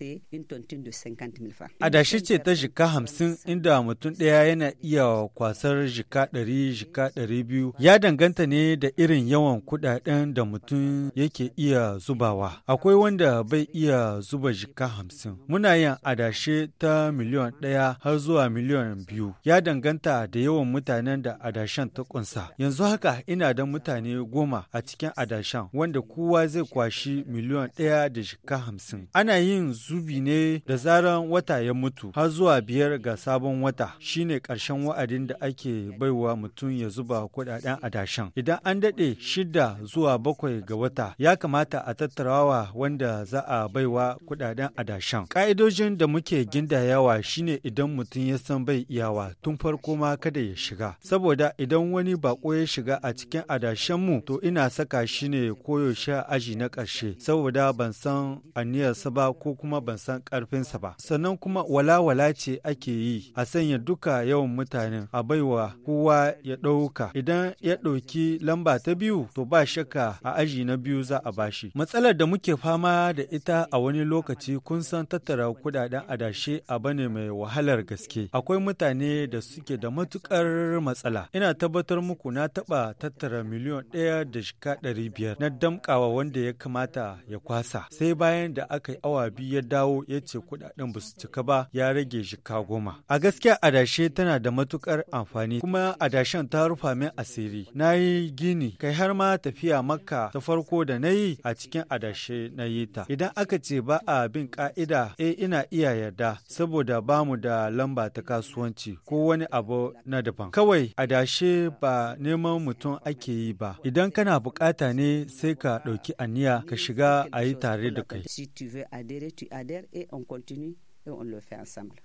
saye in tontin da A Adashi ce ta jika hamsin inda mutum ɗaya yana iya kwasar jika ɗari jika ɗari biyu ya danganta ne da irin yawan kuɗaɗen da mutum yake iya zubawa. Akwai wanda bai iya zuba jika hamsin. Muna yin adashe ta miliyon ɗaya har zuwa miliyon biyu. Ya danganta da yawan mutanen da adashen ta kunsa. Yanzu haka ina da mutane goma a cikin adashen wanda kowa zai kwashi miliyon ɗaya da jika hamsin. Ana yin zubi ne da zaran wata ya mutu har zuwa biyar ga sabon wata shine ƙarshen wa'adin da ake baiwa mutum ya zuba kuɗaɗen adashen. Idan an dade shida zuwa bakwai ga wata ya kamata a tattarawa wanda za a baiwa kuɗaɗen adashen. Ƙa'idojin da muke gindayawa shine idan mutum ya san bai iyawa tun farko ma kada ya shiga. Saboda idan wani bako ya shiga a cikin adashen mu to ina saka shi ne koyaushe aji na ƙarshe saboda ban san aniyarsa ba ko kuma ban san ƙarfinsa ba. Sannan kuma walawala ce ake yi a sanya duka yawan mutane a baiwa kowa ya ɗauka. Idan ya ɗauki lamba ta biyu to ba shakka a aji na biyu za a bashi. Matsalar da muke fama da ita a wani lokaci kun san tattara kudaden adashe a bane mai wahalar gaske. Akwai mutane da suke da matukar matsala. Ina tabbatar muku na taɓa tattara miliyon ɗaya da shika ɗari biyar na damƙawa wanda ya kamata ya kwasa. Sai bayan da aka yi awa biyu ya dawo ya ce kudaden ba su cika ba ya rage jika goma. A gaskiya adashe tana da matukar amfani kuma adashen ta rufa min asiri. Na yi gini kai har ma tafiya makka ta farko da na yi a cikin adashe na yi ta. Idan aka ce ba a bin ka'ida e eh, ina iya yarda saboda ba mu da lamba ta kasuwanci ko wani abu na daban. Kawai adashe ba neman mutum ake yi ba. Idan kana bukata ne sai ka ɗauki aniya ka shiga a yi tare da kai. adhère et on continue et on le fait ensemble.